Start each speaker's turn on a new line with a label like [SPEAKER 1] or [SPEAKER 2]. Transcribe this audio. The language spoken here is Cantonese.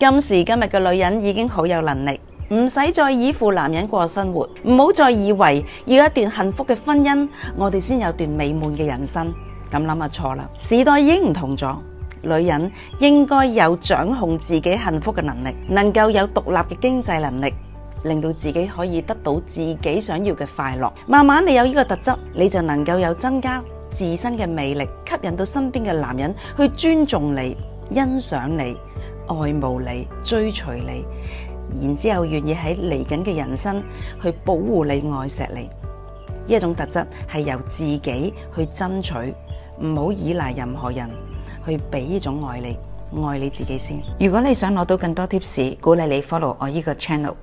[SPEAKER 1] 今時今日嘅女人已經好有能力，唔使再依附男人過生活，唔好再以為要一段幸福嘅婚姻，我哋先有一段美滿嘅人生。咁諗就錯啦，時代已經唔同咗，女人應該有掌控自己幸福嘅能力，能夠有獨立嘅經濟能力，令到自己可以得到自己想要嘅快樂。慢慢你有呢個特質，你就能夠有增加自身嘅魅力，吸引到身邊嘅男人去尊重你、欣賞你。愛慕你，追隨你，然之後願意喺嚟緊嘅人生去保護你、愛錫你，呢一種特質係由自己去爭取，唔好依賴任何人去俾呢種愛你、愛你自己先。如果你想攞到更多 tips，鼓勵你 follow 我呢個 channel。